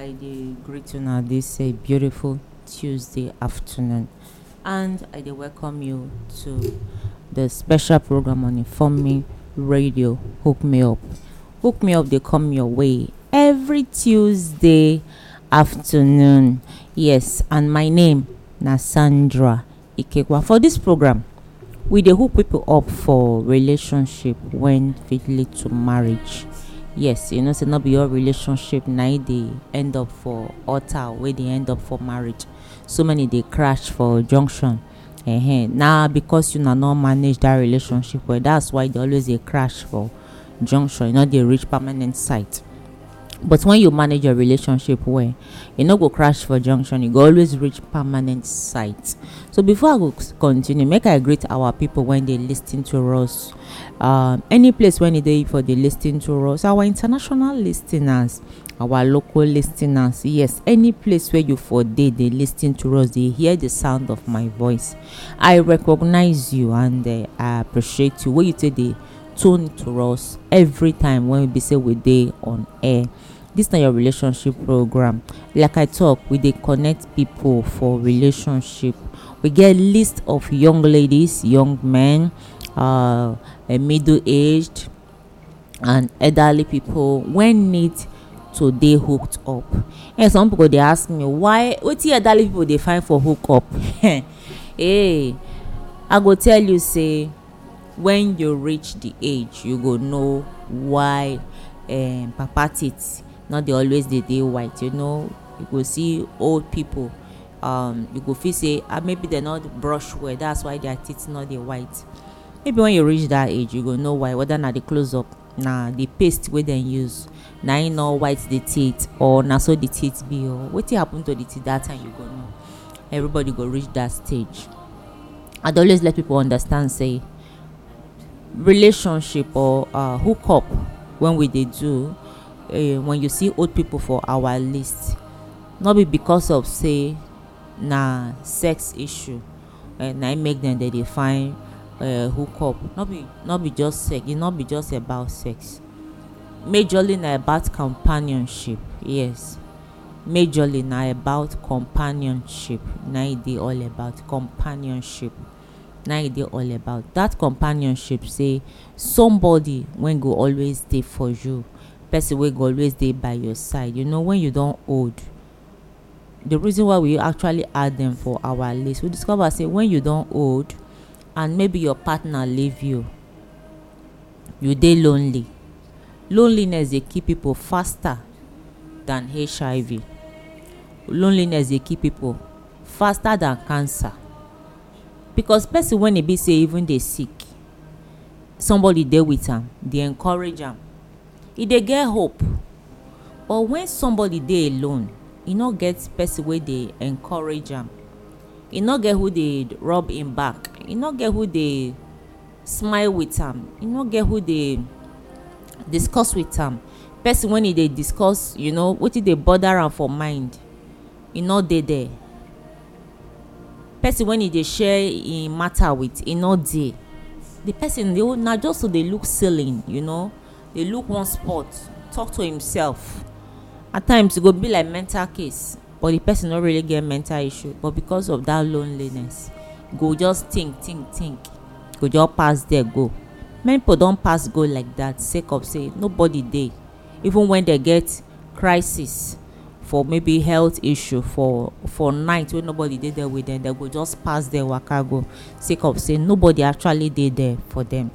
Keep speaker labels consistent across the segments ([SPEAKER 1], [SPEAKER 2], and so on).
[SPEAKER 1] I dey greet una this a beautiful Tuesday afternoon, and I dey welcome you to the special program on Informing Radio. Hook me up, hook me up. They come your way every Tuesday afternoon. Yes, and my name na Sandra Ikekwa. For this program, we dey hook people up for relationship when fit lead to marriage yes you know say no be all relationship na e dey end up for altar wey dey end up for marriage so many dey crash for junction uh-huh. na because you na no manage that relationship well that's why e dey always dey crash for junction e no dey reach permanent site but when you manage your relationship well you no go crash for junction you go always reach permanent site so before i go continue make i greet our people when dey lis ten to us um, any place when e dey for dey lis ten to us our international lis ten ers our local lis ten ers yes any place wey you for dey dey lis ten to us dey hear the sound of my voice i recognize you and uh, i appreciate you wey you take dey tune to us every time when we be say we dey on air this na your relationship program like i talk we dey connect people for relationship we get list of young ladies young men uh, middle aged and elderly people when need to dey hooked up and eh, some people dey ask me why wetin elderly people dey find for hook up hey eh, i go tell you say when you reach the age you go know why um, papa teeth no dey always dey dey white you know you go see old people um you go feel say ah maybe they not brush well that's why their teeth not dey white maybe when you reach that age you go know why whether na the close up na the paste wey dem use na im e no white the teeth or na so the teeth be or wetin happen to the teeth that time you go know everybody go reach that stage i dey always let people understand say relationship or uh, hook up when we dey do uh, when you see old people for our list no be because of say na sex issue uh, na im make dem dey dey find uh, hook up no be no be just sex e no be just about sex majorly na about companionship yes majorly na about companionship na e dey all about companionship na e dey all about that companionship say somebody wey go always dey for you person wey go always dey by your side you know when you don old the reason why we actually add them for our list we discover say when you don old and maybe your partner leave you you dey lonely loneliness dey kill people faster than hiv loneliness dey kill people faster than cancer because person wey e be say even dey sick somebody dey with am dey encourage am e dey get hope but when somebody dey alone e no get person wey dey encourage am e no get who dey rub im back e no get who dey smile with am e no get who dey discuss with am person wey e dey discuss you know wetin dey bother am for mind e no dey there person wey e dey share im matter with e no dey the person dey na just to dey look ceiling you know dey look one spot talk to himself at times e go be like mental case but the person no really get mental issue but because of that loneliness go just think think think go just pass there go many people don pass go like that sake of say nobody dey even when they get crisis for maybe health issue for for night wey nobody dey there with them they go just pass there waka go sake of say nobody actually dey there for them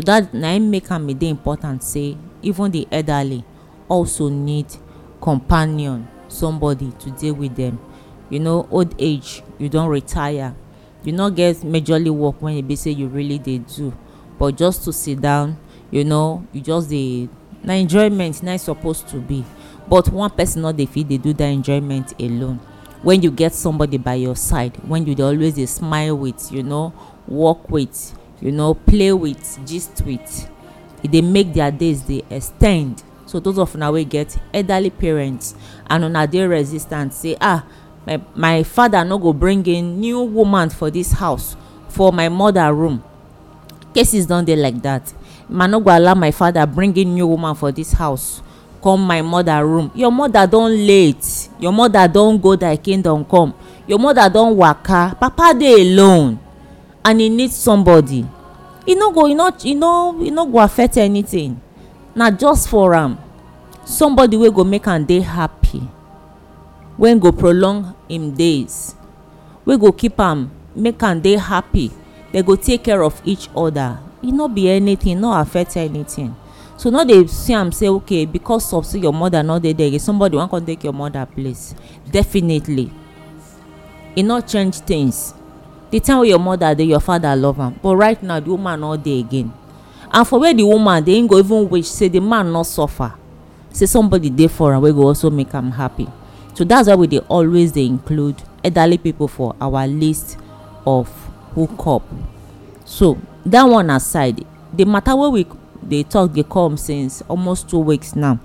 [SPEAKER 1] so that na im make am dey important say even the elderly also need companion somebody to dey with them you know old age you don retire you no get majorly work when e be say you really dey do but just to sit down you know you just dey na enjoyment na suppose to be but one person no dey fit dey do that enjoyment alone when you get somebody by your side when you dey always dey smile with you know work with you know play with gist with e dey make their days dey ex ten d so those of una wey get elderly parents and una dey resistant say ah my my father no go bring in new woman for this house for my mother room cases don dey like that ma no go allow my father bring in new woman for this house come my mother room your mother don late your mother don go thy kingdom come your mother don waka papa dey alone and he need somebody e no go e no e no e no go affect anything na just for am somebody wey go make am dey happy wey go prolong im days wey go keep am make am dey happy dem go take care of each other e no be anything e no affect anything so no dey see am say okay because of say your mother no dey there again somebody wan come take your mother place definitely e no change things The time tell your mother dey your father love am but right now the woman no dey again and for where the woman dey him go even wish say the man no suffer say somebody dey for am wey go also make am happy so that's why we dey always dey include elderly people for our list of hookup so that one aside the matter wey we dey talk dey come since almost two weeks now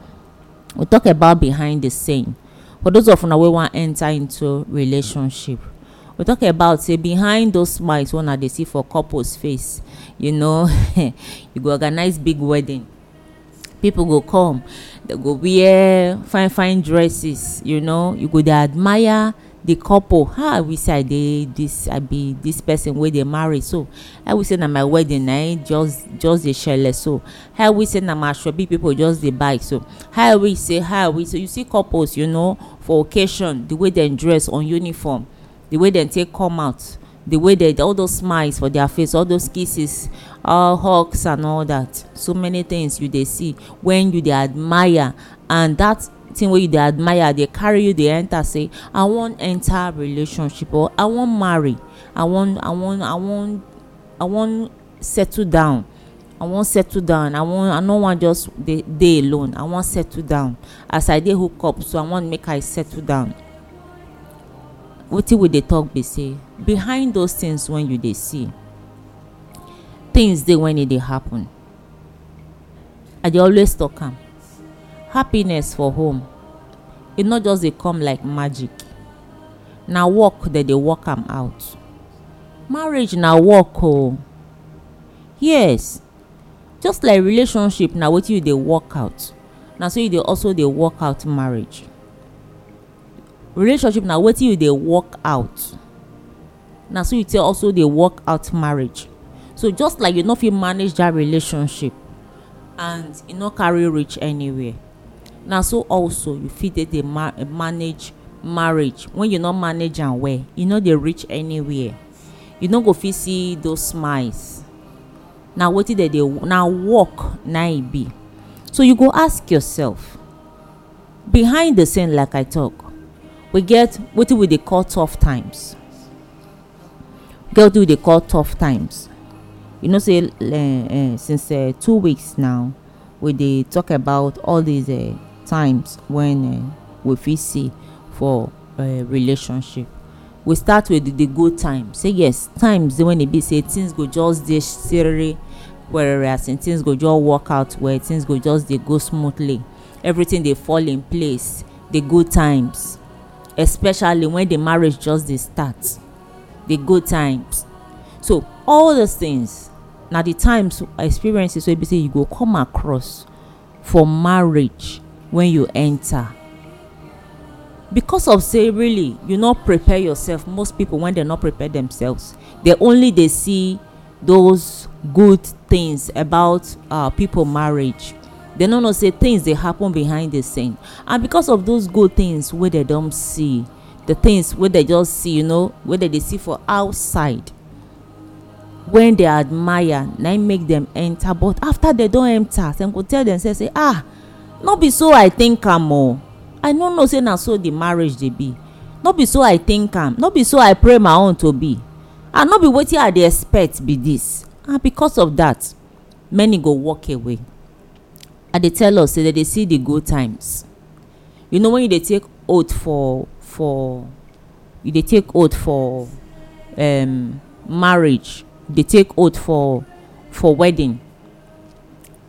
[SPEAKER 1] we talk about behind the scene for those of una wey wan enter into relationship we talk about say behind those smiles wey una dey see for couples face you know you go organize big wedding people go come they go wear fine fine dresses you know you go dey admire the couple How ah, i wish say i dey this i be this person wey dey marry so i wish say na my wedding na eh, just just dey shele so i wish say na my asoebi people just dey buy so i wish say i wish say you see couples you know for occasion the way dem dress on uniform the way dem take come out the way they all those smiles for their face all those kisses all hugs and all that so many things you dey see when you dey admire and that thing wey you dey admire dey carry you dey enter say i wan enter relationship or i wan marry i wan i wan i wan i wan settle down i wan settle down i wan i no wan just dey dey alone i wan settle down as i dey hook up so i wan make i settle down wetin we dey talk be say behind those things wey you dey see things dey when e dey happen i dey always talk am happiness for home e no just dey come like magic na work dem dey work am out marriage na work o yes just like relationship na wetin you dey work out na so you dey also dey work out marriage relationship na wetin you dey work out na so you take also dey work out marriage so just like you no fit manage that relationship and e no carry reach anywhere na so also you fit dey dey ma manage marriage when you no manage am well e no dey reach anywhere you no go fit see those smiles na wetin dem dey na work na e be so you go ask yourself behind the scene like i talk we get wetin we dey call tough times get wetin we dey call tough times you know say uh, uh, since uh, two weeks now we dey talk about all these uh, times when uh, we fit see for uh, relationship we start with the, the good times. say yes times when e be say things go just dey sere were as in things go just work out well things go just dey go smoothly everything dey fall in place the good times especially when the marriage just dey start the good times so all those things na the times experiences wey be say you go come across for marriage when you enter because of say really you no prepare yourself most people when they no prepare themselves they only dey see those good things about uh, people marriage dem no know say things dey happen behind the scene and because of those good things wey dem don see the things wey dem just see you know wey dem dey see for outside when they admire na im make dem enter but after dem don enter dem go tell themselves say ah no be so i think am o i no know say na so the marriage dey be no be so i think am no be so i pray my own to be and no be wetin i dey expect be this and because of that many go walk away i dey tell us say dem dey see the good times you know when you dey take oath for for you dey take oath for um, marriage you dey take oath for for wedding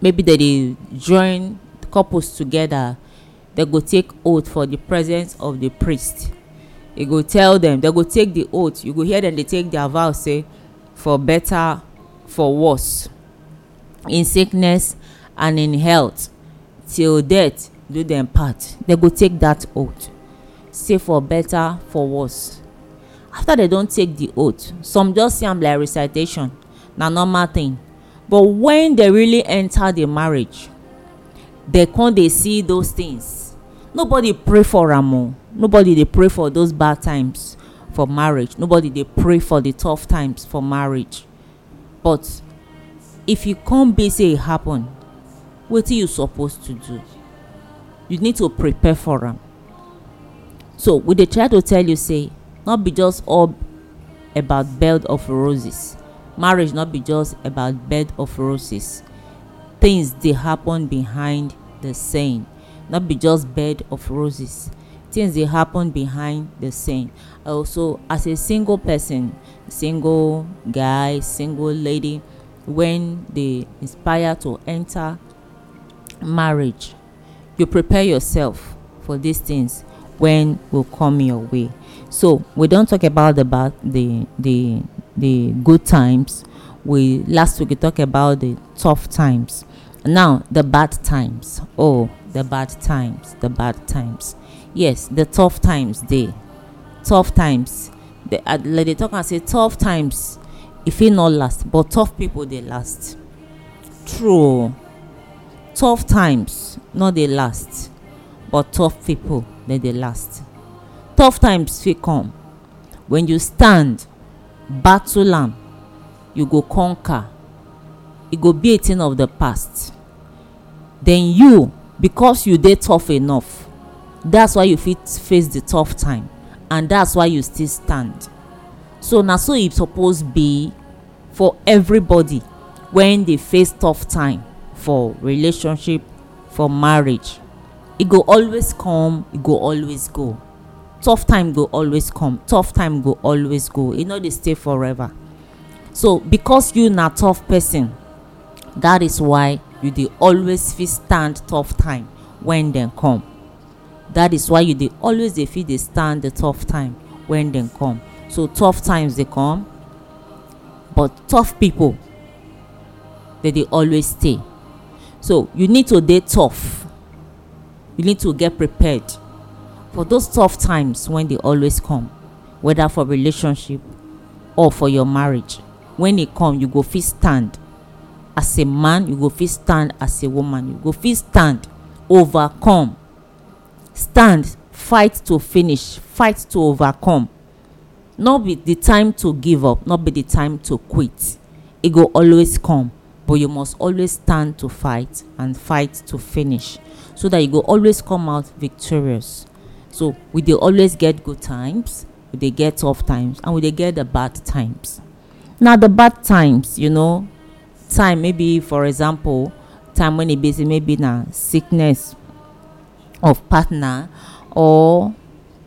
[SPEAKER 1] maybe they dey join couples together They go take oath for the presence of the priest e go tell them they go take the oath you go hear them. dey take their vow say for better for worse in sickness and in health till death do dem part dem go take that oath say for better for worse after dem don take the oath some just see am like recitation na normal thing but when dem really enter the marriage dem come dey see those things nobody pray for am o oh. nobody dey pray for those bad times for marriage nobody dey pray for the tough times for marriage but if e come be say e happen wetin you suppose to do you need to prepare for am so we dey try to tell you say no be just all about bed of roses marriage no be just about bed of roses things dey happen behind the scene no be just bed of roses things dey happen behind the scene also as a single person single guy single lady when they inspire to enter marriage you prepare yourself for these things when will come your way so we don't talk about the bad the the the good times we last week we talk about the tough times now the bad times oh the bad times the bad times yes the tough times dey tough times they uh, like they talk and say tough times e fit not last but tough people dey last true tough times no dey last but tough people dem dey last tough times fit come when you stand battle am you go conquer e go be a thing of the past then you because you dey tough enough that's why you fit face the tough time and that's why you still stand so na so e suppose be for everybody when they face tough time for relationship for marriage e go always come e go always go tough time go always come tough time go always go e no dey stay forever so because you na tough person that is why you dey always fit stand tough time when dem come that is why you dey always dey fit dey stand the tough time when dem come so tough times dey come but tough people dey dey always stay so you need to dey tough you need to get prepared for those tough times when dey always come whether for relationship or for your marriage when e come you go fit stand as a man you go fit stand as a woman you go fit stand overcome stand fight to finish fight to overcome no be the time to give up no be the time to quit e go always come but you must always stand to fight and fight to finish so that you go always come out victorious so we dey always get good times we dey get tough times and we dey get the bad times na the bad times you know time maybe for example time when e be say maybe na sickness of partner or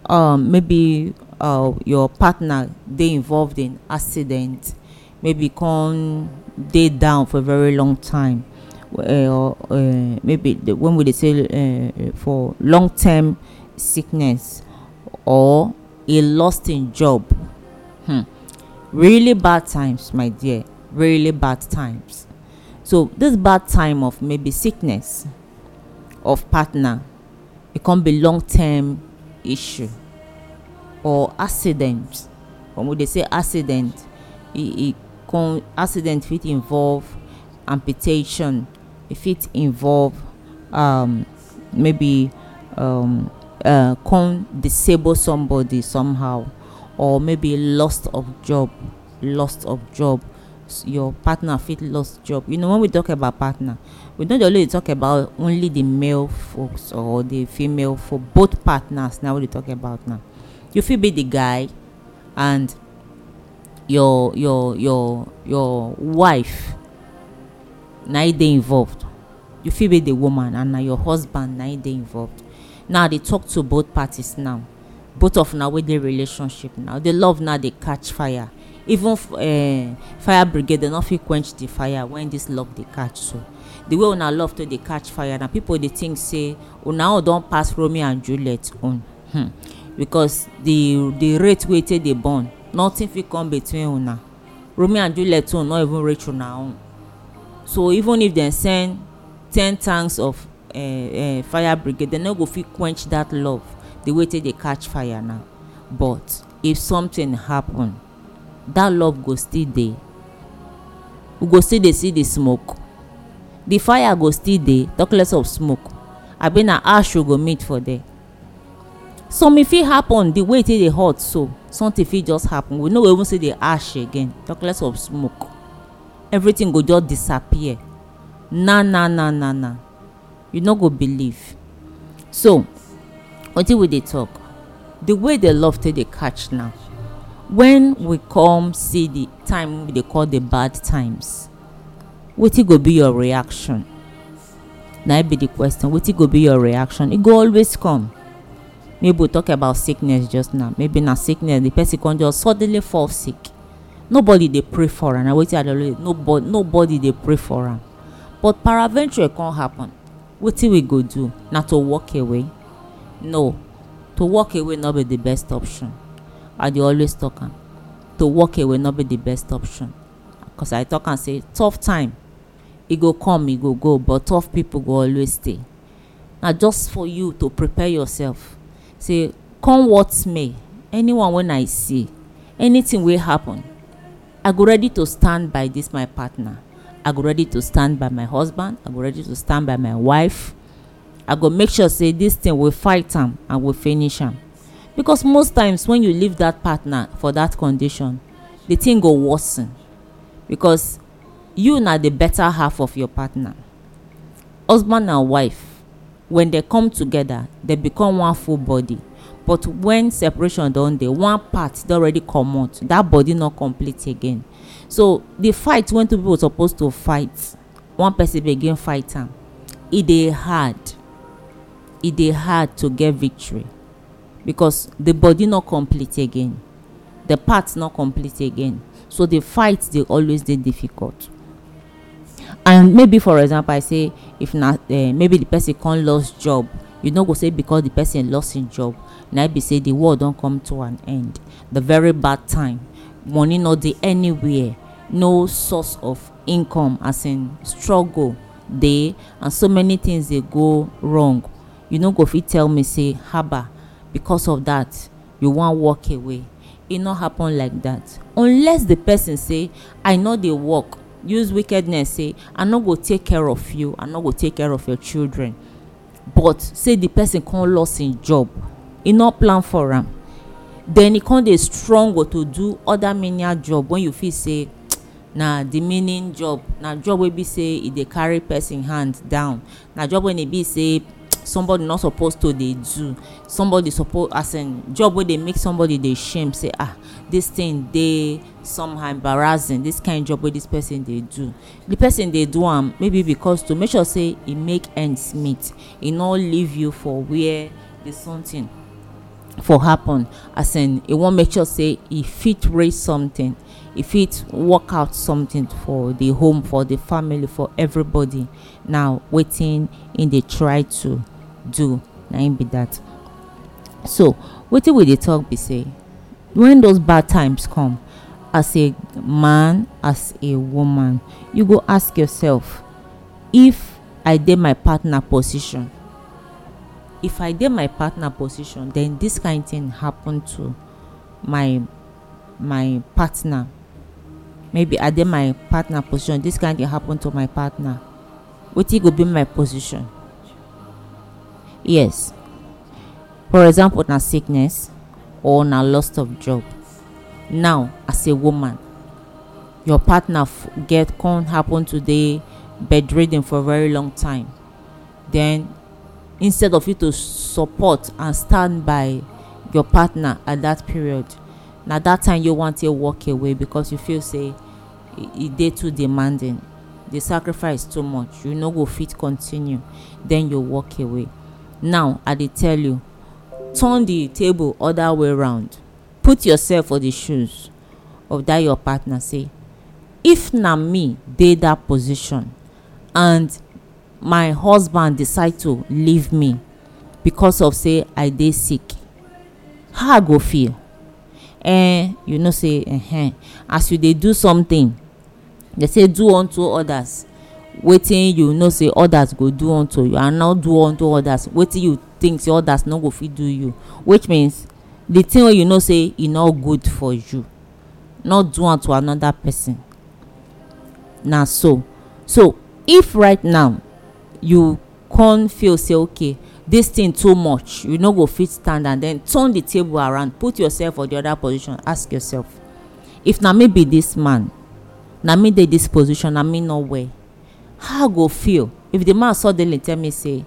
[SPEAKER 1] um, maybe uh, your partner dey involved in accident maybe come dey down for a very long time eh, or uh, uh, maybe the, when we dey say uh, for long term sickness or a lost in job hmm. really bad times my dear really bad times so this bad time of maybe sickness of partner it can be long term issue or accident when we dey say accident e e con accident fit involve amputation e fit involve um, maybe um, uh, con disable somebody somehow or maybe loss of job loss of job your partner fit lost job you know when we talk about partner we no dey only talk about only the male folks or the female for both partners na we dey talk about now you fit be the guy and your your your your wife na e dey involved you fit be the woman and na your husband na e dey involved now i dey talk to both parties now both of una wey dey relationship now the love now dey catch fire even uh, fire brigade dem no fit quench the fire when this love dey catch so the way una love to dey catch fire na people dey think say una own don pass romeo and juliet own hmm. because the the rate wey e take dey burn nothing fit come between una romeo and juliet own not even reach una own so even if dem send ten tanks of uh, uh, fire brigade dem no go fit quench that love the way take dey catch fire now but if something happen that love go still dey we go still dey see the smoke the fire go still dey talk less of smoke abi na ash we go meet for there some e fit happen the way e take dey hot so something fit just happen we no go even see the ash again talk less of smoke everything go just disappear na na na na na you no go believe so wetin we dey talk the way the love take dey catch now when we come see the time we dey call the bad times wetin go be your reaction na e be the question wetin go be your reaction e go always come maybe we talk about sickness just now maybe na sickness the person come just suddenly fall sick nobody dey pray for am na wetin i dey always nobody nobody dey pray for am but paraventure e come happen wetin we go do na to walk away no to walk away no be the best option i dey always talk am to walk away no be the best option because i talk am say tough time e go come e go go but tough people go always stay na just for you to prepare yourself say come what may anyone wey i see anything wey happen i go ready to stand by this my partner i go ready to stand by my husband i go ready to stand by my wife i go make sure say this thing we fight am and we finish am because most times when you leave that partner for that condition the thing go worsen because you na the better half of your partner husband and wife when they come together they become one full body but when separation don dey one part don already comot that body no complete again so the fight when two people suppose to fight one person begin fight am e dey hard e dey hard to get victory because the body no complete again the part no complete again so the fight dey always dey difficult and maybe for example i say if na uh, maybe the person come lost job you no go say because the person lost him job na be say the world don come to an end the very bad time money no dey anywhere no source of income as in struggle dey and so many things dey go wrong you no go fit tell me say haba because of that you wan walk away e no happen like that unless the person say i no dey work use wickedness say i no go take care of you i no go take care of your children but say the person come lost him job e no plan for am then he come dey struggle to do other menial job when you feel say na meaning job na job wey be say e dey carry person hand down na job wey e be say somebody not supposed to dey do somebody suppose as in job wey dey make somebody dey shame say ah this thing dey somehow embarrassing this kind job wey this person dey do the person dey do am maybe because to make sure say e make ends meet e no leave you for where the something for happen as in e wan make sure say e fit raise something e fit work out something for the home for the family for everybody now wetin im dey try to do na im be that so wetin we dey talk be say when those bad times come as a man as a woman you go ask yourself if i dey my partner position if i dey my partner position then this kind thing happen to my my partner maybe i dey my partner position this kind thing happen to my partner wetin go be my position yes for example na sickness or na loss of job now as a woman your partner get con happen today bedridden for very long time then instead of you to support and stand by your partner at that period na that time you wan take walk away because you feel say e dey too demanding the sacrifice too much you no go fit continue then you walk away now i dey tell you turn the table other way round put yourself for the shoes of that your partner say if na me dey that position and my husband decide to leave me because of say i dey sick how i go feel eh you know say eh, eh as you dey do something They say do unto others wetin you know say others go do unto you and now do unto others wetin you think say others no go fit do you which means the thing wey you know say e no good for you no do am to another person na so so if right now you con feel say okay this thing too much you no go fit stand and then turn the table around put yourself for the other position ask yourself if na me be this man na me dey dis position na me no well how i go feel if the man suddenly tell me say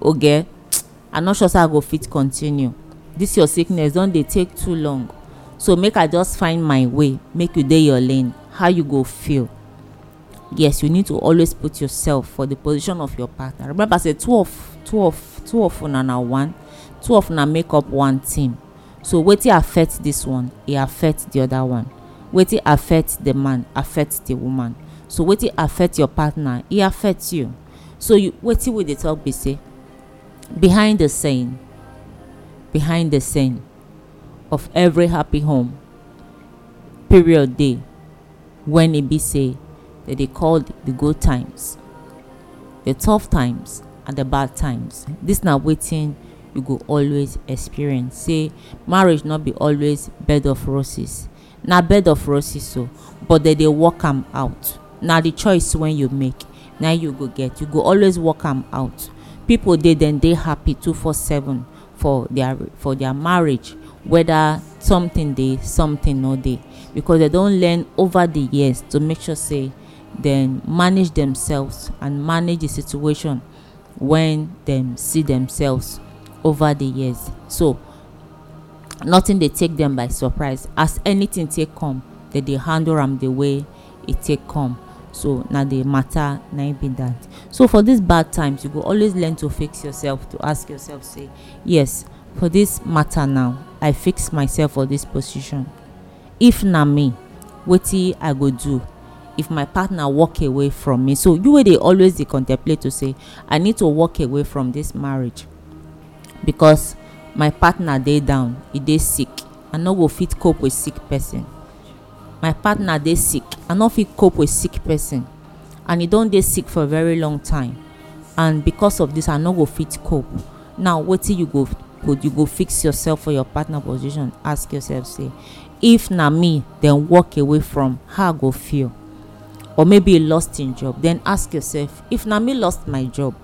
[SPEAKER 1] oge okay, i no sure say i go fit continue this your sickness don dey take too long so make i just find my way make you dey your lane how you go feel yes you need to always put yourself for the position of your partner remember say two of two of two of una na one two of una make up one team so wetin affect this one e affect the other one wetin affect the man affect the woman so wetin affect your partner e affect you so you wetin we dey talk be say behind the scene behind the scene of every happy home period dey when e be say dem dey call the good times the tough times and the bad times this na wetin you go always experience say marriage no be always bed of roses na bed of roses so but dem dey work am out na the choice wey you make na you go get you go always work am out people dey dem dey happy two four seven for their for their marriage whether something dey something no dey because they don learn over the years to make sure say dem manage themselves and manage the situation when dem see themselves over the years so nothing dey take them by surprise as anything take come they dey handle am the way e take come so na the matter na be that so for these bad times you go always learn to fix yourself to ask yourself say yes for this matter now i fix myself for this position if na me wetin i go do if my partner walk away from me so you wey dey always dey contemplate to say i need to walk away from this marriage because my partner dey down e dey sick i no go fit cope with sick person my partner dey sick i no fit cope with sick person and e don dey sick for very long time and because of this i no go fit cope now wetin you go go you go fix yourself for your partner position ask yourself say if na me then walk away from how i go feel or maybe you lost im job then ask yourself if na me lost my job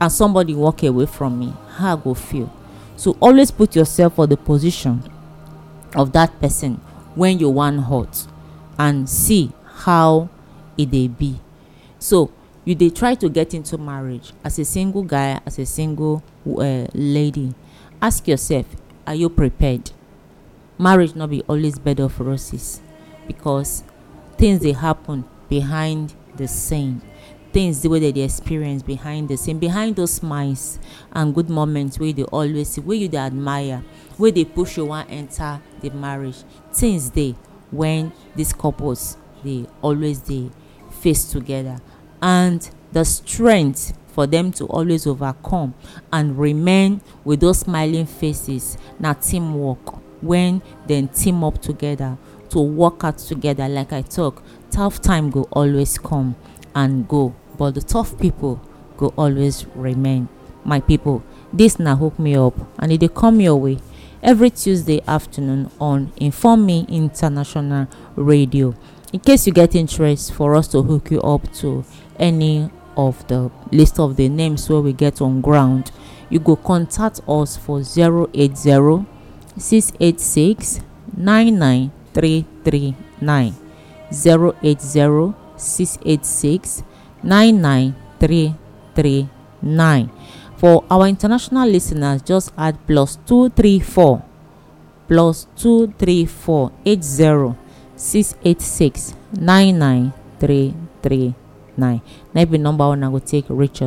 [SPEAKER 1] and somebody walk away from me how i go feel so always put yourself for the position of that person when you wan hurt and see how e dey be so you dey try to get into marriage as a single guy as a single uh, lady ask yourself are you prepared marriage no be always bed of roses because things dey happen behind the scene things the way they dey experience behind the scene behind those smiles and good moments wey you dey always see wey you dey admire wey dey push you wan enter the marriage things dey when these couples dey always dey face together and the strength for them to always overcome and remain with those smiling faces na teamwork when dem team up together to work out together like i talk tough time go always come and go but the tough people go always remain. My people, this na hook me up and e dey come your way every Tuesday afternoon on Inform Me International Radio. In case you get interest for us to hook you up to any of the list of the names wey we get on ground, you go contact us for zero zero zero eight eight six six nine nine nine three three eight zero six eight six 99339. For our international listeners, just add plus 234 plus 234 80 686 99339. That be number one I will take reach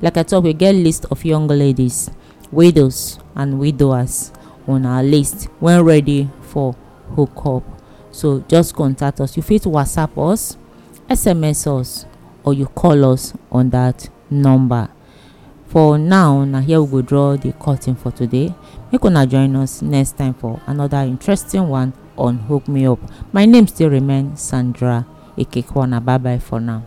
[SPEAKER 1] Like I told, we get list of young ladies, widows, and widowers on our list when ready for hookup. So just contact us. You fit WhatsApp us, SMS us or you call us on that number for now na here we go draw the curtain for today make una join us next time for another interesting one on hook me up my name still remain sandra ikekwana bye bye for now.